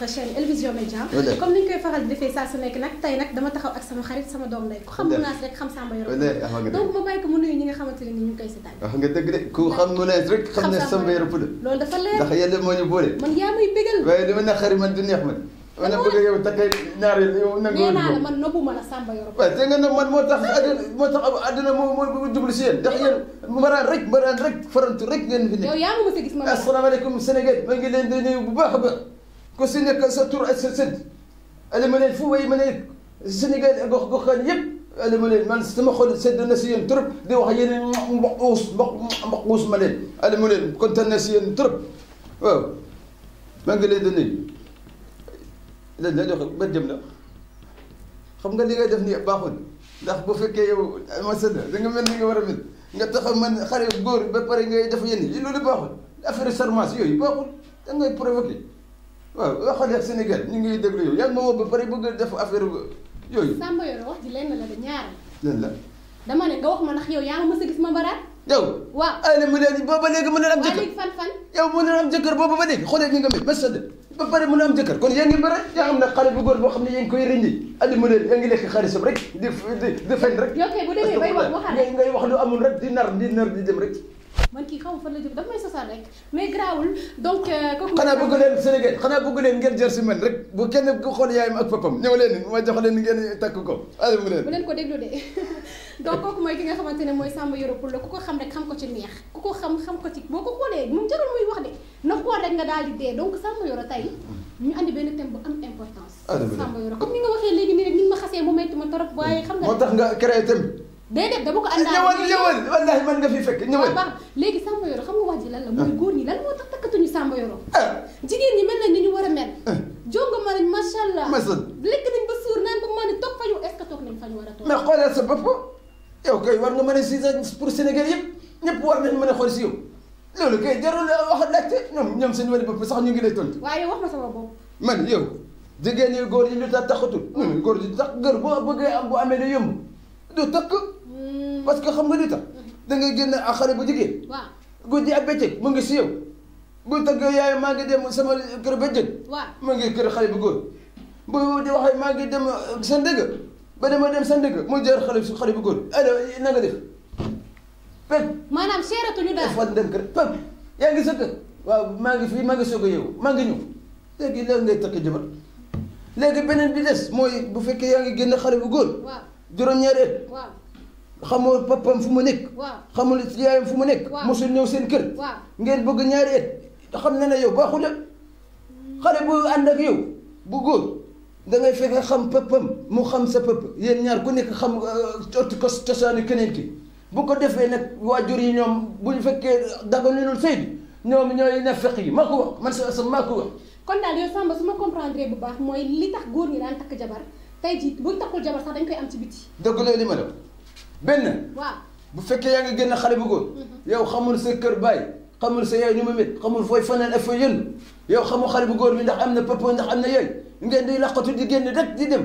notre chaîne El Vision Média comme ni ñu koy faral di defee saa su nekk nag tey nag dama taxaw ak sama xarit sama doom lay ku xam Mounass rek xam Samba Yoro Poude donc ma bàyyi ko mu nuyu ñi nga xamante ne ni ñu ngi koy seetaan wax nga dëgg de ku xam Mounass rek xam ne Samba Yoro Poude loolu dafa leer ndax yàlla moo ñu boole man yaa may bégal waaye li ma naqari man du neex man man na bëgg yow takkay ñaar yow nangu nee naa la man nobbu ma la Samba Yoro Poude waaw te nga ne man moo tax àddina moo tax àddina moo moo jublu si yéen ndax yéen mbaraan rek mbaraan rek farantu rek ngeen fi ne yow yaa ma mos a gis ma asalaamaaleykum Sénégal maa ngi leen di nuyu bu baax a baax كوسينا كاساتور اسرسد انا من الفو اي من السنغال غوخ غوخ يب انا من ما نستمخ ولا سد الناس ينترب دي وحين يعني مقوس مقوس ملي انا من كنت الناس ينترب واو ما قال لي دني لا لا دوخ بدمنا خم قال لي دفني باخون داخ بو فكي ما سد دنگ من ني ورم نتا خم من خري غور با بري ني دفني يلو لي باخون افري سرماس يوي باخون دنگ بروفوكي waaw waxal ak Sénégal ñu ngi déglu yow yaa ngi ma woo ba pare bëgg a def affaire yooyu. Samba Yoro wax ji lenn la de ñaar la. lan la. dama ne nga wax ma ndax yow yaa ma mës a gis ma baraat. yow. waaw Aliou mu ne booba léegi mën na am. jëkkër waaw fan fan. yow mën na am jëkkër booba ba léegi xoolee ñu nga mel ba sëdd ba pare mën na am jëkkër kon yaa ngi bëri yaa xam ne xale bu góor boo xam ne yaa ngi koy rëndi andi mu leen yaa ngi lekk xaalisam rek di di di fen rek. yow kay bu demee bay wax waxal ngay wax lu amul rek di nar di nar di dem rek من كيخوف اللي تبدا ما يسالك مي غراول دونك كوك قنا بقول لهم سنغال قنا بقول لهم غير جرس من رك وكان بقول يا ماك بابا نولين ما دخلين غير تاكوكو هذا بقول لهم بنكو ديغلو دي دونك كوك ماي كيغا خمانتني موي سام يوروبول كوكو خام رك خام déedéet dama ko àndaale ñëwal ñëwal wallaahi mën nga fi fekk ñëwal baax léegi Samba Yoro xam nga wax ji lan la mooy góor ñi lan moo tax takkatuñu Samba Yoro jigéen ñi mel nañ ni ñu war a mel jonga ma nañ macha allah lekk nañ ba suur naan ba maa ne toog fañu est-ce que toog nañ fañu war a toog mais xoolal sa bopp yow kay war nga mën a si pour Sénégal yëpp ñëpp war nañ mën a xool si yow loolu kay jarul wax laajte ñoom ñoom seen wari bopp sax ñu ngi lay tontu waaye wax na sama bopp man yow jigéen ñi góor ñi lu tax taxatul góor ñi tax gër boo bëggee am bu amee lu yomb du takk parce que xam nga li tax da ngay génn ak xale bu jigéen. waaw guddi ak bëccëg mu ngi si yow. bu tëggee yaay maa ngi dem sama kër bëccëg. waaw mu ngi kër xale bu góor. bu di waxee maa ngi dem seen dëgg ba dama dem seen dëgg mu jël xale mana bu góor allo na nga def. pep maanaam seeratuñu daal magi dem kër pep yaa ngi sëkk waaw maa ngi fii maa ngi soog a yeewu maa ngi ñëw léegi léegi ngay bi bu ngi bu waaw waaw xamoo papam fu mu nekk. xamul yaayam fu mu nekk. mosul ñëw seen kër. ngeen bëgg ñaari et te xam na ne yow baaxul la xale bu ànd ak yow bu góor da ngay fexe xam papam mu xam sa pap yéen ñaar ku nekk xam cos cosaanu keneen ki bu ko defee nag waajur yi ñoom bu ñu fekkee daganulul sëy bi ñoom ñooy nafeq yi maa ko wax man sa sa maa ko wax. kon daal yow Samba su ma comprendre bu baax mooy li tax góor ñi daan takk jabar tey jii buñ takkul jabar sax dañ koy am ci biti. dëgg la li ma la. benn bu fekkee yaa ngi génn xale bu góor yow xamul sa kër baay xamul sa yaay ñu mu mét xamul fooy fanaan ak fooy yënn yow xamul xale bu góor bi ndax am na papa ndax am na yaay ngeen di laqatu di génn rek di dem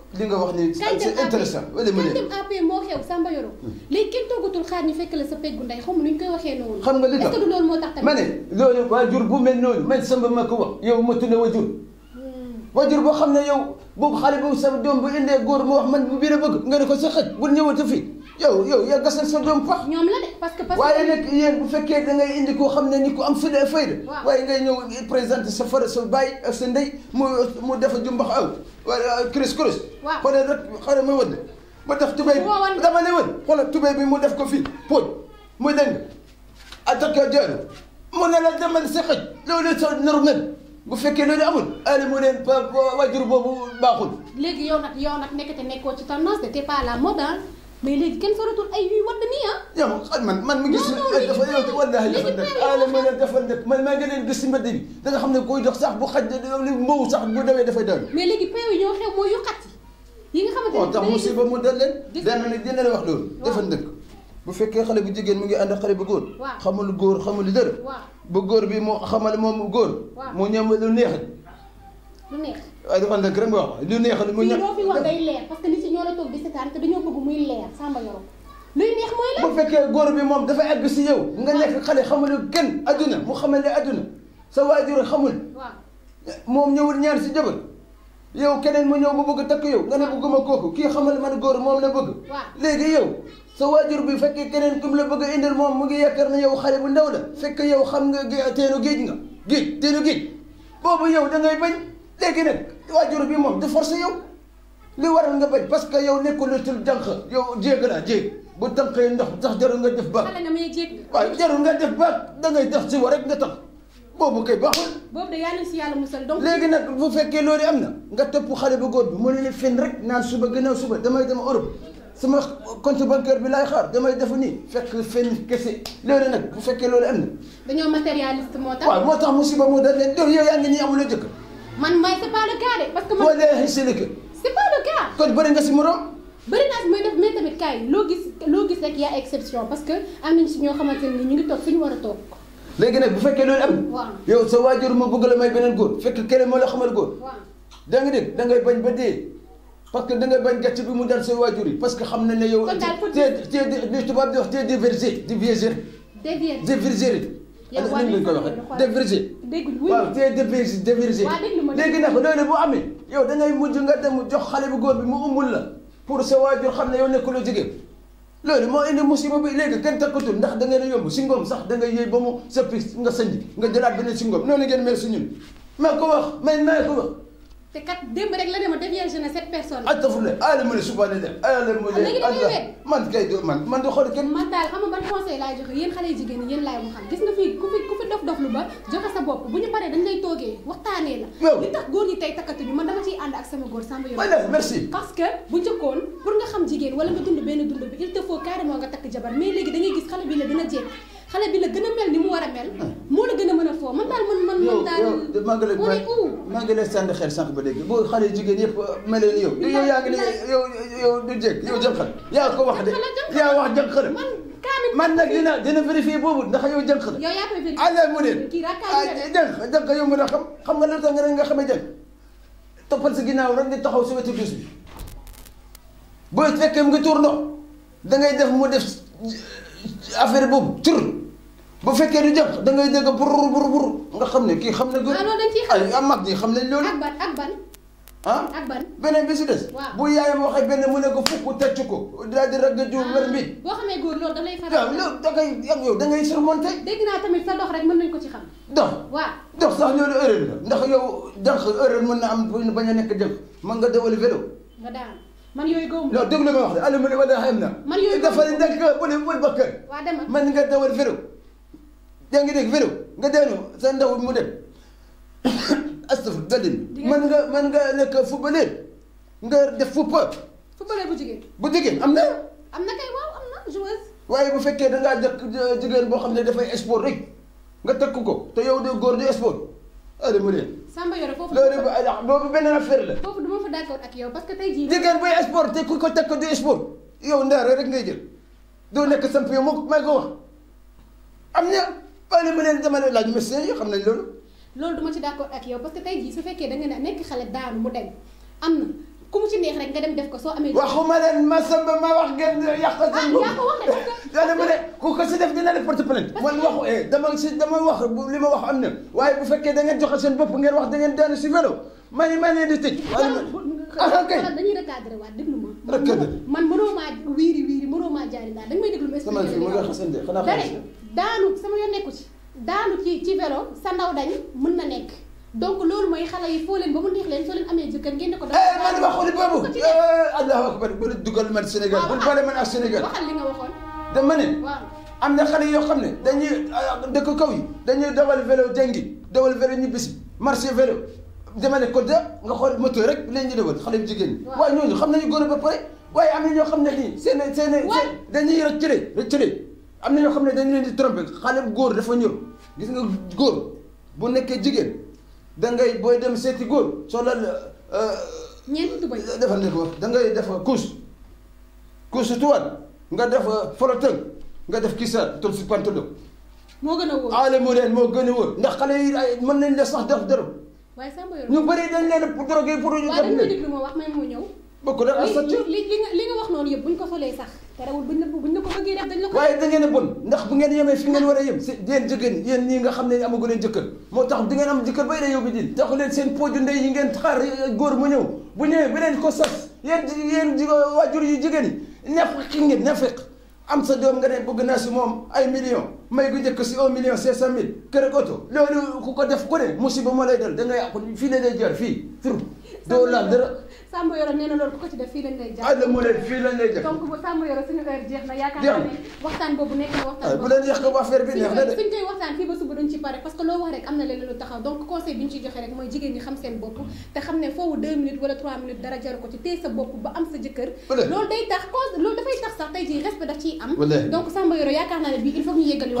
li nga wax ni c'est intéressant wala mu ne dem AP moo xew Samba Yoro léegi kenn toogatul xaar ñu fekk la sa peggu ndey xaw ma nu ñu koy waxee noonu xam nga li tax est-ce que loolu moo tax tamit ma ne loolu waajur bu mel noonu man Samba ma ko wax yow ma tudd waajur waajur boo xam ne yow boobu xale boobu sa doom bu indee góor mu wax man bu biir a bëgg nga ne ko sa xëj bu ñëwata fii yow yow yow gasal sa doom pax. ñoom la de parce que parce que. waaye nag yéen bu fekkee da ngay indi koo xam ne ni ku am fële fayda. waaw waaye ngay ñëw présenté sa far sa baay ak sa ndey mu mu def jumbax aw wala cris cris. waaw xoolal rek xoolal ma wëdd. ma def tubéy bi dama ne woon xoolal tubéy bi mu def ko fii pooj muy dégg attaque jaanu mu ne la demal sa xëj loolu sa naru mel. bu fekkee loolu amul aali mu leen waajur boobu baaxul. léegi yow nag yow nag nekkate nekkoo ci tendance de t'es pas à la mode بيلي كان فرتو اي ودني يا من من مجلس والله انا من دفنك من ما جاني نقص مدني دا خمنا كوي دوخ صاحب خد مو صاحب بو داوي دافاي داوي مي ليغي بيو يو خيو مو يقاتي ييغا خمتاني وانت مصيبه مو دلن دا من دينا لا واخ دول دفنك bu fekkee xale bu jigéen mu ngi ànd xale bu góor xamul góor xamul dër bu góor bi moo xamal moom góor mu ñam lu neex lu neex waaye dafa nekk rek nga wax lu neex lu mu ña. loo fi wax day leer parce que nit ñi ñoo la toog di seetaan te dañoo bëgg muy leer Samba Yoro luy neex mooy la. bu fekkee góor bi moom dafa egg si yow. nga nekk xale xamul kenn adduna mu xamal ne adduna sa waajur xamul. waaw moom ñëwul ñaan si jabar yow keneen mu ñëw mu bëgg takk yow nga ne bëgguma kooku kii xamal man góor moom la bëgg. waaw léegi yow sa waajur bi fekkee keneen ku mu la bëgg a indil moom mu ngi yaakaar ne yow xale bu ndaw la fekk yow xam nga teenu géej nga géej teenu géej boobu yow da ngay bañ léegi nag waajur bi moom du forcé yow li waral nga bañ parce que yow nekkulatul jànq yow jéeg laa jéeg bu tànqee ndox sax jarul nga def baag. xale na may jéeg waaw jarul nga def baag dangay def si war rek nga tax boobu kay baaxul. boobu de yaa ngi si yàlla musal donc. léegi nag bu fekkee loolu am na nga topp xale bu góor bi mu ne la fen rek naan suba gannaaw suba damay dem Europe sama compte bancaire bi laay xaar damay def nii fekk fen kese loolu nag bu fekkee loolu am na. dañoo matérialiste moo tax. waaw moo tax musiba moo dal leen yow yaa ngi nii amuloo jëkkër man mooy c'est pas le de parce que. man wala c'est le cas. c'est pas def mais tamit kaay loo gis loo gis rek yaa exception parce que am nañ si ñoo xamante ne ñu ngi toog fi ñu war a toog. léegi nag bu fekkee loolu am. waaw yow sa waajur ma bëgg la may beneen góor fekk keneen moo la xamal góor. waaw da nga bañ ba dee. parce que da bañ gàcce bi mu dal sa waajur yi parce que xam nañ ne yow. kon daal tubaab di wax te divergé divergé. dévié dévirgé. yaa waaw dégg nga waaw tey dévirgé dévirgé. léegi nag loolu bu amee yow da ngay mujj nga dem jox xale bu góor bi mu umbul la pour sa waajur xam ne yow nekkuloo jigéen. loolu moo indi musiba bi léegi kenn takkatul ndax da ngeen a yomb si ngoom sax da ngay yëy ba mu sëppi nga sëñ nga jëlaat beneen si ngoom noonu ngeen mel si ñun maa ko wax may naa ko te kat démb rek la ne ma devier jeune cette personne. ah dafa ne ah ma ne suba ne leen ah man kay man man de xool kenn. man daal xam nga ban conseil laay joxe yéen xale jigéen ñi yéen laay mu xam gis nga fii ku fi ku fi dof dof lu ba joxe sa bopp bu ñu paree dañ lay toogee waxtaanee la. li tax góor ñi tey takkatuñu man dama ciy ànd ak sama góor Samba Yoro. merci. parce que bu njëkkoon pour nga xam jigéen wala nga dund benn dund bi il te faut carrément nga takk jabar mais léegi da ngay gis xale bi la dina jeex. xale bi la gën a mel ni mu war a mel. Hmm. moo la gën a mën a foo man daal man man man daal. ما قال لي استنى خير سنق بدك بو خلي يجي قريب مليون يوم يو يا يو يو دجك يو جنخل يا كو واحد يا واحد جنخل من نك دينا دينا فري في بوبو نخ يو جنخل يا يا فري على مولين دنخ دنخ يوم رقم خم لا تنغ خم جن طفل سجينا ورد تخو سويت جزبي بو تفكم قتورنا دنگاي دف مو دف افير بوب تر bu fekkee du jëm da ngay dégg bur bur bur nga xam ne kii xam ne. góor ah, ay am mag ñi xam ne loolu. ak ban ak ban. ah ak ban beneen bi si des. bu yaayam waxee benn mu ne ko fukk tecc ko daal di ragg jiw wér ah, bi. boo xamee góor loolu da lay faral loolu da ngay ak yow da ngay surmonter. dégg naa tamit sa dox rek mën nañ ko ci xam. dox waaw dox sax loolu erreur la ndax yow jànq erreur mën na am bañ a nekk jëm mën nga dawal vélo. nga daan man yooyu góob. non déglu ma wax de Aliou ma ne ma daa xam na. man yooyu góob dafa nekk bu ne bu ne ba kër. waaw demal mën nga dawal vélo yaa ngi dégg vélo nga daanu sa ndaw mu dem astafur dalin mën nga mën nga nekk footballeur nga def football. footballeur bu jigéen. bu jigéen am na. am na kay waaw am na joueuse. waaye bu fekkee da ngaa jëkk jigéen boo xam ne dafay sport rek nga takk ko te yow de góor di sport allé mu ne. Samba Yoro foofu loolu boobu beneen affaire la. foofu du ma fa d'accord ak yow parce que tey jii. jigéen buy sport te ku ko takk du sport yow ndaare rek ngay jël doo nekk champion moo may ko wax am na. bàyyi ma leen dama leen laaj médecin yi xam nañ loolu. loolu du ma ci d'accord ak yow parce que tey jii su fekkee da nga ne nekk xale daanu mu deñ am na ku mu ci neex rek nga dem def ko soo amee. waxuma leen ma samba ma wax ngeen yàq seen bopp. ah yaa ko wax de parce que. dama ne ku ko si def dina def porte plainte. man waxu eh dama si dama wax li ma wax am na waaye bu fekkee da ngeen joxe seen bopp ngeen wax da ngeen daanu si vélo ma ne ma ne di tëj. ah kay dañuy recadré waat déglu ma. recadré man mënoo maa wiiri wiiri mënoo maa jaari daal da nga may déglu. ma expliqué leen waaw sama daanu sama yoon nekku ci daanu ci ci vélo sa ndaw dañ mën na nekk donc loolu mooy xale yi foo leen ba mu neex leen soo leen amee jëkkër ngeen ko. Eh, man ma xooli boobu eh, allahu akbar bu nga waxoon. dama ne. am na xale yoo xam ne dañuy ah, dëkk kaw yi dañuy dawal vélo jàngi dawal vélo ñibbisi marché vélo dama ne ko de nga xool moto rek leen ñu dawal xale yu jigéen ñi. waaw waaye ñooñu xam nañu góor ba pare waaye am na ñoo xam ne nii seen seen dañuy rëccale rëccale am na ñoo xam ne dañ leen di tromper xale góor dafa ñëw gis nga góor bu nekkee jigéen da ngay booy dem seeti góor soo la. Euh, euh, ñeenti bay defal ne ko da ngay def couche couche tuwaat nga def euh, folotëng nga def kii sa tol si pantalon. moo gën a wóor aale mu leen moo gën a wóor ndax xale yi mën nañ la sax def dërëm. waaye Samba Yoro ñu bëri dañ leen pour drogué pour. ñu def léegi wax man mu ñëw. bokk na ak sa li nga wax noonu yëpp bu ko solee sax. terewul buñ la buñ la ko bëggee dañ la ko. waaye da ngeen a ndax bu ngeen yemee fi ngeen war a yem si yéen jigéen ñi yéen ñii nga xam ne amagu leen jëkkër moo tax di ngeen am jëkkër bay day yóbbu ji leen seen pooju ndey yi ngeen xaar góor mu ñëw bu ñëwee beneen ko sas yéen yéen waajur yu jigéen yi neex xi ngeen neex am sa doom nga ne bëgg naa si moom ay million may gu njëkk si un million cinq cent mille kër oto loolu ku ko def ku ne musiba moo lay dal da nga yàqu fii la lay jaar fii tur doo laal dara Samba Yoro nee na loolu ku ko ci def fii lañ lay jaar àll mu ne fii lañ lay jaar donc bu Samba Yoro suñu heure jeex na yaakaar naa ne waxtaan boobu nekk na waxtaan bu leen yàq bu affaire bi neex na de suñ koy waxtaan fii ba suba duñ ci pare parce que loo wax rek am na leneen lu taxaw donc conseil bi ñu ciy joxe rek mooy jigéen ñi xam seen bopp te xam ne foofu deux minutes wala trois minutes dara jaru ko ci téye sa bopp ba am sa jëkkër loolu day tax cause loolu dafay tax sax tey jii respect daf ciy am donc Samba Yoro yaakaar naa ne bii il faut ñu yëgal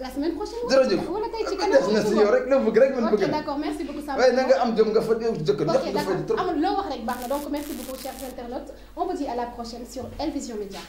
la semaine prochaine jërëjëf ah, d'accord merci beaucoup merci beaucoup chers internautes on vous dit à la prochaine sur Elvision Media.